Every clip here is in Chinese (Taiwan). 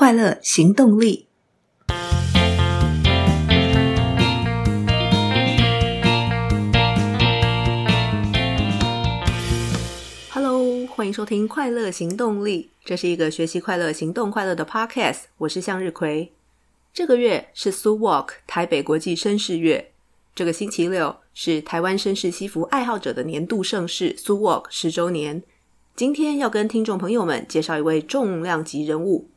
快樂行動力。Hello，歡迎收聽《快樂行動力》，這是一個學習快樂、行動快樂的 Podcast。我是向日葵。這個月是 Suit Walk 台北國際紳士月，這個星期六是台灣紳士西服愛好者的年度盛事 Suit Walk 十週年。今天要跟聽眾朋友們介紹一位重量級人物。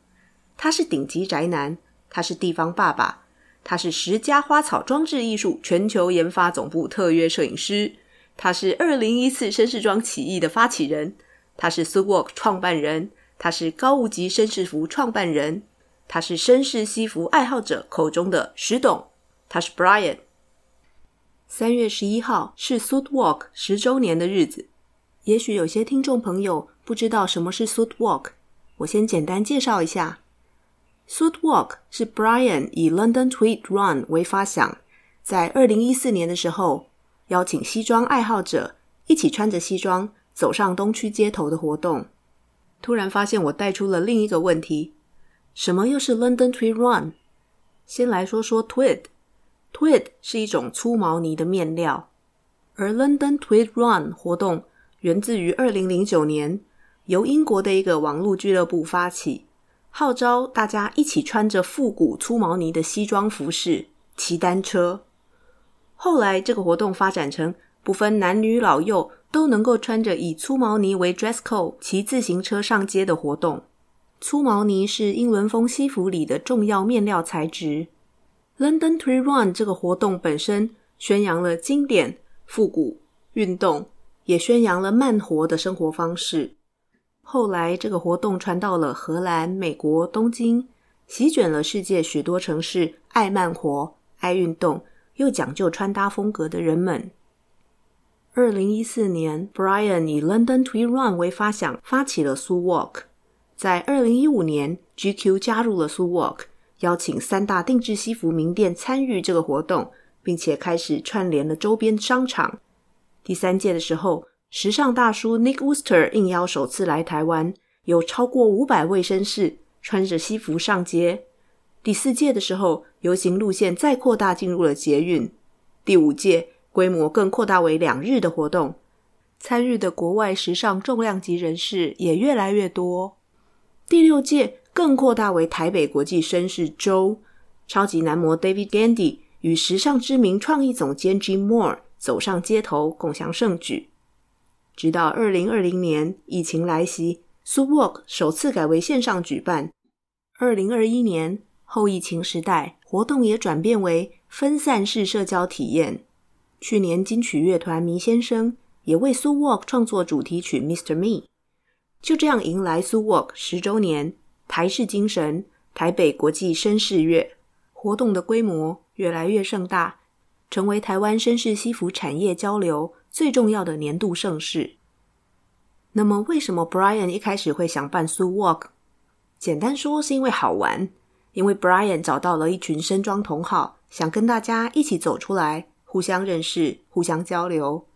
他是頂級宅男，他是地方爸爸，他是石家花草裝置藝術全球研發總部特約攝影師，他是2014紳仕裝起義的發起人，他是 Suit Walk 創辦人，他是高梧集紳士服創辦人，他是紳仕西服愛好者口中的“石董”，他是 Brian。三月十一號是 Suit Walk 十周年的日子，也許有些聽眾朋友不知道什麼是 Suit Walk，我先簡單介紹一下。Suit Walk 是 Brian 以 London Tweed Run 為發想，在二零一四年的時候邀請西裝愛好者一起穿着西裝走上東區街頭的活動。突然發現我帶出了另一個問題：什麼又是 London Tweed Run？先來說說 Tweed，Tweed 是一種粗毛呢的面料，而 London Tweed Run 活動源自於二零零九年由英國的一個網絡俱樂部發起。號召大家一起穿着復古粗毛呢的西裝服飾騎單車。後來，這個活動發展成不分男女老幼都能夠穿着以粗毛呢為 dress code 騎自行車上街的活動。粗毛呢是英倫風西服裡的重要面料材質。London Tweed Run 這個活動本身宣揚了經典、復古、運動，也宣揚了慢活的生活方式。後來，這個活動傳到了荷蘭、美國、東京，席捲了世界許多城市。愛慢活、愛運動，又講究穿搭風格的人們。二零一四年，Brian 以、e、London to Run 為發想，發起了 s u Walk。在二零一五年，GQ 加入了 s u Walk，邀請三大定制西服名店參與這個活動，並且開始串聯了周邊商場。第三屆的時候。時尚大叔 Nick Wooster 應邀首次來台灣，有超過五百位紳士穿着西服上街。第四屆的時候，遊行路線再擴大進入了捷運。第五屆規模更擴大為兩日的活動，參與的國外時尚重量級人士也越來越多。第六屆更擴大為台北國際紳士周，超級男模 David Gandy 與時尚知名創意總監 Jim Moore 走上街頭共襄盛舉。直到二零二零年疫情來襲，蘇 walk 首次改為線上舉辦。二零二一年後疫情時代，活動也轉變為分散式社交體驗。去年金曲樂團迷先生也為蘇 walk 創作主題曲《Mr. Me》，就這樣迎來蘇 walk 十週年。台式精神，台北國際紳士月活動的規模越來越盛大，成為台灣紳士西服產業交流最重要的年度盛事。那麼，為什麼 Brian 一開始會想辦 Suit Walk？簡單說，是因為好玩。因為 Brian 找到了一群紳裝同好，想跟大家一起走出來，互相認識，互相交流。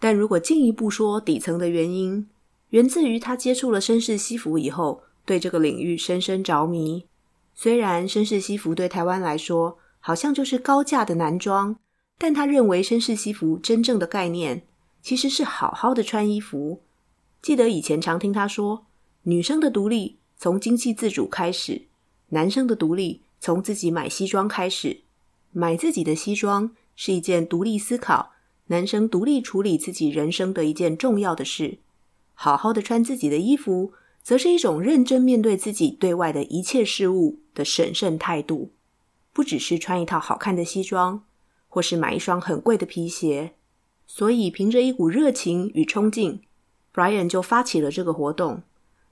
但如果進一步說，底層的原因源自於他接觸了紳士西服以後，對這個領域深深着迷。雖然紳士西服對台灣來說，好像就是高價的男裝。但他認為，紳士西服真正的概念其實是好好的穿衣服。記得以前常聽他說，女生的獨立從經濟自主開始，男生的獨立從自己買西裝開始。買自己的西裝是一件獨立思考、男生獨立處理自己人生的一件重要的事。好好的穿自己的衣服，則是一種認真面對自己對外的一切事物的審慎態度，不只是穿一套好看的西裝。或是買一雙很貴的皮鞋，所以憑着一股熱情與衝勁，Brian 就發起了這個活動。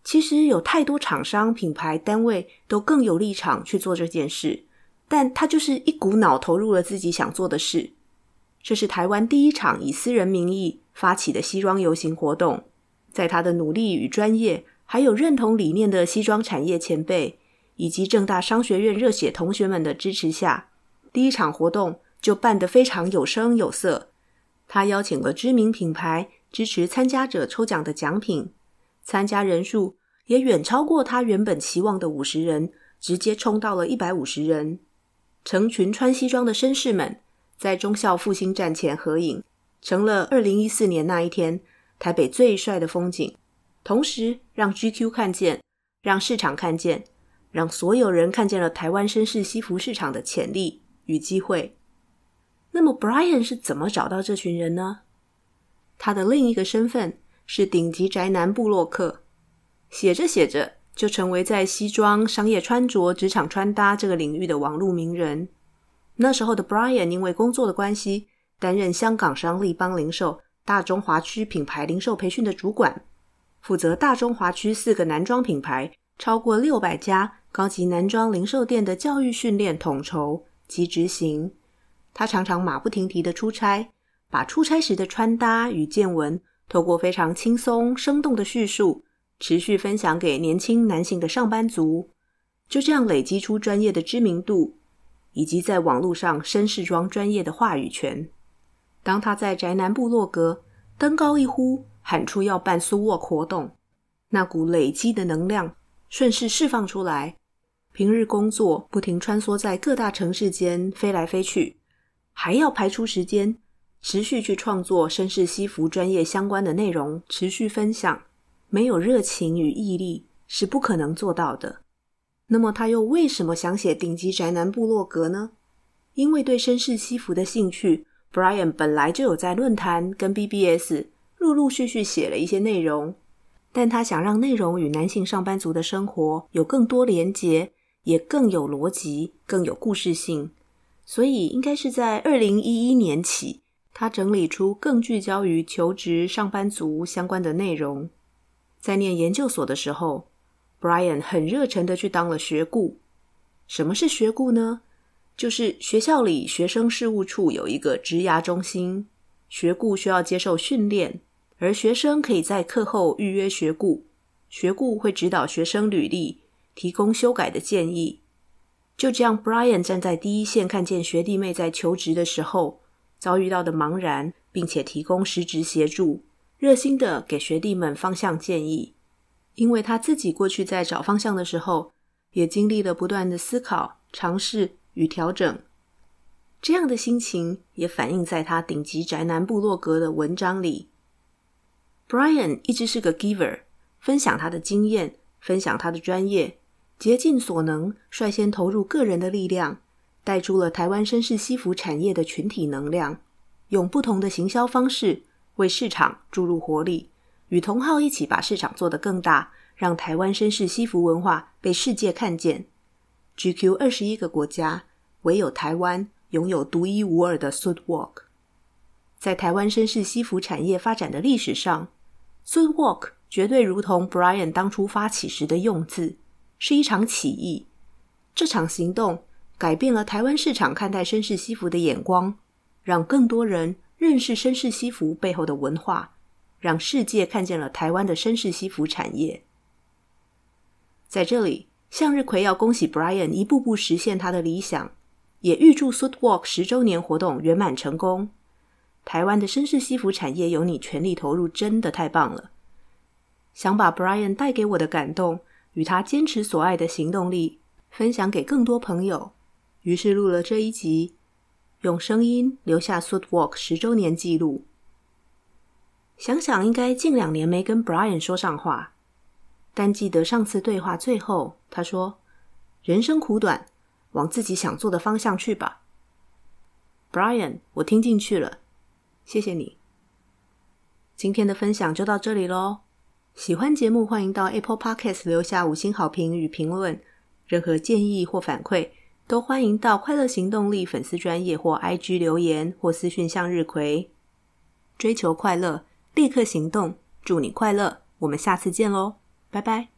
其實有太多廠商、品牌單位都更有立場去做這件事，但他就是一股腦投入了自己想做的事。這是台灣第一場以私人名義發起的西裝遊行活動。在他的努力與專業，還有認同理念的西裝產業前輩以及政大商學院熱血同學們的支持下，第一場活動。就辦得非常有聲有色，他邀請了知名品牌支持參加者抽獎的獎品，參加人數也遠超過他原本期望的五十人，直接衝到了一百五十人。成群穿西裝的紳士們在忠孝復興站前合影，成了二零一四年那一天台北最帥的風景，同時讓 GQ 看見，讓市場看見，讓所有人看見了台灣紳士西服市場的潛力與機會。那麼，Brian 是怎麼找到這群人呢？他的另一個身份是頂級宅男部落客，寫着寫着就成為在西裝、商業穿着、職場穿搭這個領域的網絡名人。那時候的 Brian 因為工作的關係，擔任香港商利邦零售大中華區品牌零售培訓的主管，負責大中華區四個男裝品牌超過六百家高級男裝零售店的教育訓練統籌及執行。他常常馬不停蹄的出差，把出差時的穿搭與見聞，透過非常輕鬆生動的敘述，持續分享給年輕男性的上班族，就這樣累積出專業的知名度，以及在網絡上紳士裝專業的話語權。當他在宅男部落格登高一呼，喊出要辦 Suit Walk 活動，那股累積的能量順勢釋放出來。平日工作不停穿梭在各大城市間飛來飛去。還要排出時間，持續去創作紳士西服專業相關的內容，持續分享。沒有熱情與毅力是不可能做到的。那麼他又為什麼想寫頂級宅男部落格呢？因為對紳士西服的興趣，Brian 本來就有在論壇跟 BBS 陸陸續續寫了一些內容，但他想讓內容與男性上班族的生活有更多連結，也更有邏輯，更有故事性。所以應該是在二零一一年起，他整理出更聚焦於求職上班族相關的內容。在念研究所的時候，Brian 很熱忱的去當了學顧。什麼是學顧呢？就是學校裡學生事務處有一個職涯中心，學顧需要接受訓練，而學生可以在課後預約學顧，學顧會指導學生履歷，提供修改的建議。就這樣，Brian 站在第一線，看見學弟妹在求職的時候遭遇到的茫然，並且提供實質協助，熱心地給學弟們方向建議。因為他自己過去在找方向的時候，也經歷了不斷的思考、嘗試與調整。這樣的心情也反映在他頂級宅男部落格的文章裡。Brian 一直是個 giver，分享他的經驗，分享他的專業。竭盡所能，率先投入個人的力量，帶出了台灣紳士西服產業的群體能量，用不同的行銷方式為市場注入活力，與同好一起把市場做得更大，讓台灣紳士西服文化被世界看見。GQ 二十一個國家，唯有台灣擁有獨一無二的 Suit Walk。在台灣紳士西服產業發展的歷史上，Suit Walk 絕對如同 Brian 當初發起時的用字。是一場起義，這場行動改變了台灣市場看待紳士西服的眼光，讓更多人認識紳士西服背後的文化，讓世界看見了台灣的紳士西服產業。在這裡，向日葵要恭喜 Brian 一步步實現他的理想，也預祝 Suit Walk 十週年活動圓滿成功。台灣的紳士西服產業有你全力投入，真的太棒了。想把 Brian 帶給我的感動。與他堅持所愛的行動力分享給更多朋友，於是錄了這一集，用聲音留下 Suit Walk 十周年記錄。想想應該近兩年沒跟 Brian 說上話，但記得上次對話最後他說：“人生苦短，往自己想做的方向去吧。”Brian，我聽進去了，謝謝你。今天的分享就到這裡嘍。喜歡節目，歡迎到 Apple Podcast 留下五星好評與評論。任何建議或反饋，都歡迎到快樂行動力粉絲專頁或 IG 留言或私訊向日葵。追求快樂，立刻行動。祝你快樂，我們下次見嘍，拜拜。